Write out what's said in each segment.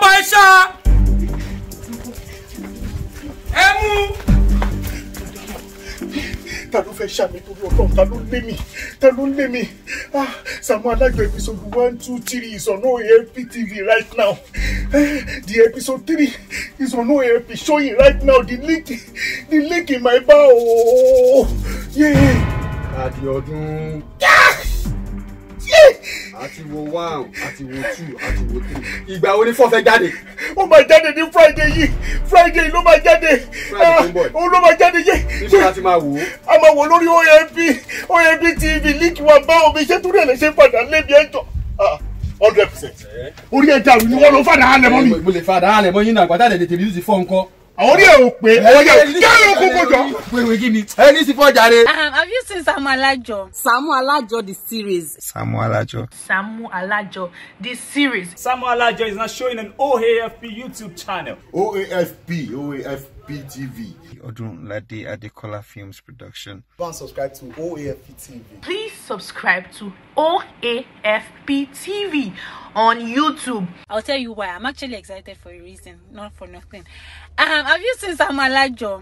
bọ iṣẹ́ ẹ mú. ta ló fẹ́ ṣàmì torí ọlọ́run ta ló lé mi ta ló lé mi ah Saamu Alájọ episode one two three is on OAP TV right now eh, the episode three is on OAP showing right now the link the link in my bow. Yeah. Àdìọ́dún àti wo one àti wo two àti wo three. ìgbà wo ni four fẹ́ jáde. ó máa jáde ní friday yìí friday ló máa jáde òun ah, ló máa jáde yé. níbo la máa wò ó. a máa wò lórí OMB OMB TV líkì wa bá omi iṣẹ́ tó rẹ̀ lè ṣe padà lébi ẹjọ́ ah, hundred percent eh? orí ẹja mi ni wọ́n lọ fàdà hàn lẹ́mọ́ mi. Eh, mo lè fàdà hàn lẹ́mọ́ yín náà àgbàdo àdèdè tèmi yóò ti fọ́ nǹkan àwọn orí ẹ̀ ò pé ọjà kẹ́lẹ́ jọ. ẹni sì fọjà re. have you seen Saamu Alajo. Saamu Alajo the series. Saamu Alajo. Saamu Alajo the series. Saamu Alajo is now showing on OAFP YouTube channel. OAFP OAFP. BTV. Odunlade Adekola Films Production. Go and subscribe to OAFP TV. Please subscribe to OAFP TV on YouTube. I'll tell you why. I'm actually excited for a reason, not for nothing. Um, have you seen Sam I know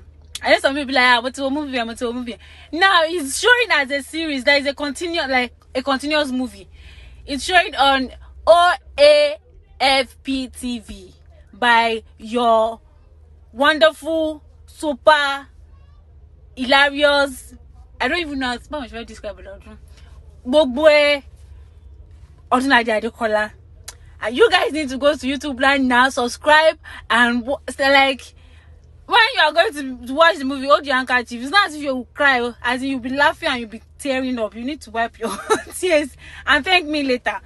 some people like, ah, what's a movie? What's a movie? Now it's showing as a series. There is a continuous, like a continuous movie. It's showing on OAFP TV by your wonderful, super, hilarious. I don't even know how to how describe it. Gbogbo ẹ Odunlade Adekola. And uh, you guys need to go to YouTube Live now, subscribe, and so like when you are going to watch the movie, hold your handkerchief. It's not as if you cry, oh, as in you'll be laughing and you'll be tearing up. You need to wipe your tears and thank me later.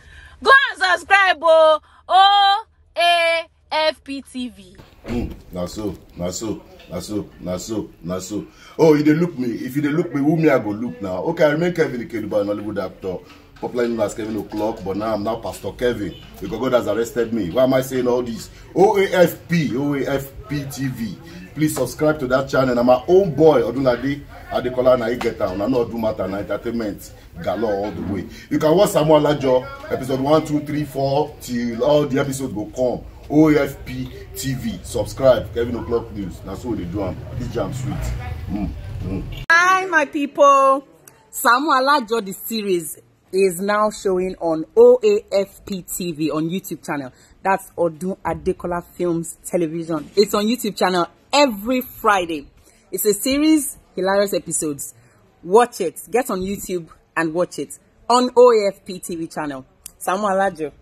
Go and subscribe, oh, oh, eh fptv. Mm, na so na so na so na so na so oh you dey look me if you dey look me who me i go look now okay i remain kevin ikeduba an hollywood actor popularly known as kevin o'clock but now i'm now pastor kevin because god has arrested me why am i saying all this oafp oafp tv please subscribe to that channel I'm my own boy I odunlade adekola na igeta una no do matter na entertainment galore all the way you can watch samuel alajo episode one two three four till all the episodes will come OFP TV. Subscribe, Kevin O'Clock News. That's what they do. This jam sweet. Mm. Mm. Hi, my people. Samuel Alajo, the series is now showing on OAFP TV on YouTube channel. That's Odun Adekola Films Television. It's on YouTube channel every Friday. It's a series, hilarious episodes. Watch it. Get on YouTube and watch it on OAFP TV channel. Samuel Alajo.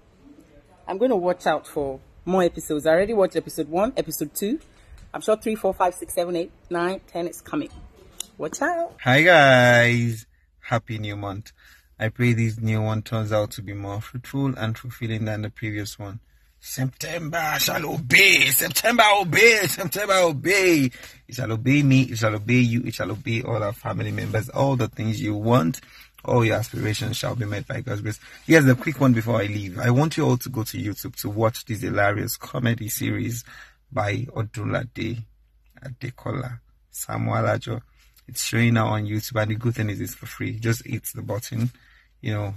I'm going to watch out for more episodes. I already watched episode 1, episode 2. I'm sure three, four, five, six, seven, eight, nine, ten is coming. Watch out. Hi guys. Happy new month. I pray this new one turns out to be more fruitful and fulfilling than the previous one. September shall obey. September obey. September obey. It shall obey me. It shall obey you. It shall obey all our family members. All the things you want all your aspirations shall be met by God's grace. Here's the quick one before I leave. I want you all to go to YouTube to watch this hilarious comedy series by De Adekola Samuel Ajo. It's showing now on YouTube, and the good thing is it's for free. Just hit the button, you know,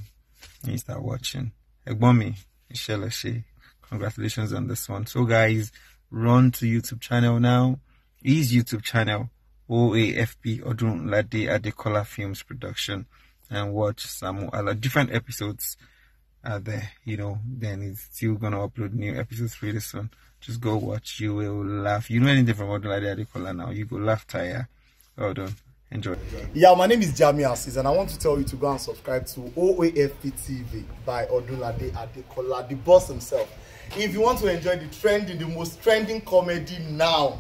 and you start watching. Egbomi, Michelle Ashe, congratulations on this one. So, guys, run to YouTube channel now. His YouTube channel, OAFP Odunlade Adekola Films Production and watch some other different episodes are there, you know, then it's still gonna upload new episodes pretty soon. Just go watch, you will laugh. You know anything from Odulade Adekola now, you go laugh tire. Well done. Enjoy. Yeah, my name is Jamie Assis, and I want to tell you to go and subscribe to OAFP TV by Odulade Adekola, the boss himself. If you want to enjoy the trending, the most trending comedy now,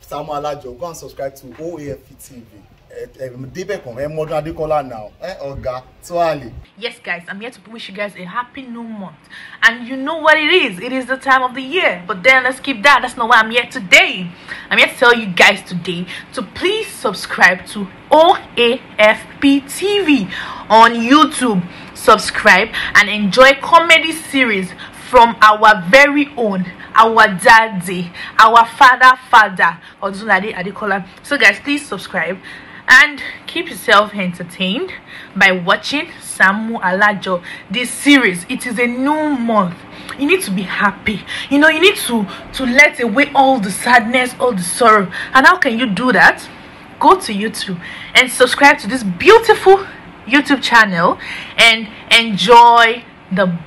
Samuel Alajo, go and subscribe to OAFP TV. Eh, eh, yes, guys, I'm here to wish you guys a happy new month. And you know what it is? It is the time of the year. But then let's keep that. That's not why I'm here today. I'm here to tell you guys today to please subscribe to OAFP TV on YouTube. Subscribe and enjoy comedy series from our very own our daddy our father father odunade so guys please subscribe and keep yourself entertained by watching Samu Alajo this series it is a new month you need to be happy you know you need to to let away all the sadness all the sorrow and how can you do that go to YouTube and subscribe to this beautiful YouTube channel and enjoy the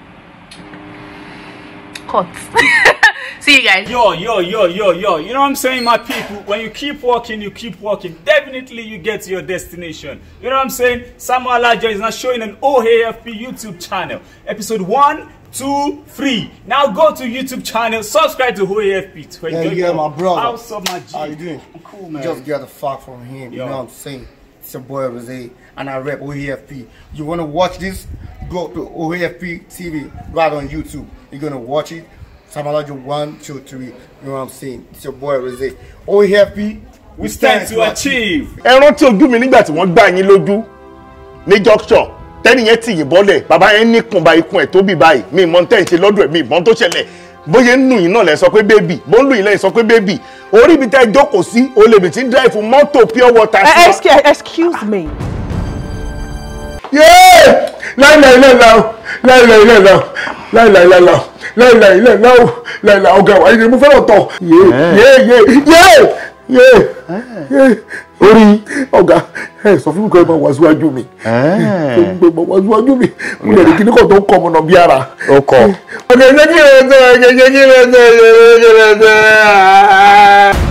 cuts See you guys. Yo, yo, yo, yo, yo. You know what I'm saying, my people? When you keep walking, you keep walking. Definitely you get to your destination. You know what I'm saying? Samuel Alaja is now showing an OAFP YouTube channel. Episode 1, 2, 3. Now go to YouTube channel, subscribe to OAFP. Yeah, yeah, my brother. How's up, my G? How you doing? I'm cool, man. just get the fuck from him. Yo. You know what I'm saying? It's your boy Rosé, and I rep OAFP. You want to watch this? Go to OAFP TV right on YouTube. You're going to watch it. Samalaji one, two, three. You know what I'm saying? It's your boy Rose. Oh happy. We, stand, to achieve. Ẹ rántí ojú mi nígbà tí wọ́n gbá yín lójú ní junction tẹ́nìyẹn tì yín bọ́lẹ̀ bàbá yẹn níkùn ba ikùn ẹ̀ tóbi báyìí mi mọ́ tẹ́ ń ṣe lọ́dọ̀ ẹ̀ mi mọ́ tó ṣẹlẹ̀ bóyá ń nù yín náà lẹ sọ pé bébì bó ń lù yín lẹ́yìn sọ pé bébì orí ibi tẹ́ jókòó sí olèbìtì dráìfù mọ́tò pure water. excuse me láìláìláìlá o láìláìláìlá o láìláìláìlá o láìláìláìlá o láìlá ọ̀gá wa ìdè mo fẹ́ràn tọ̀ yé yé yé yé yé yé orí ọ̀gá ẹ sọ fún mi kọ́ ẹ máa wá síwájú mi ẹ máa wá síwájú mi mo lè rí kíní kan tó ń kọ́ ọmọ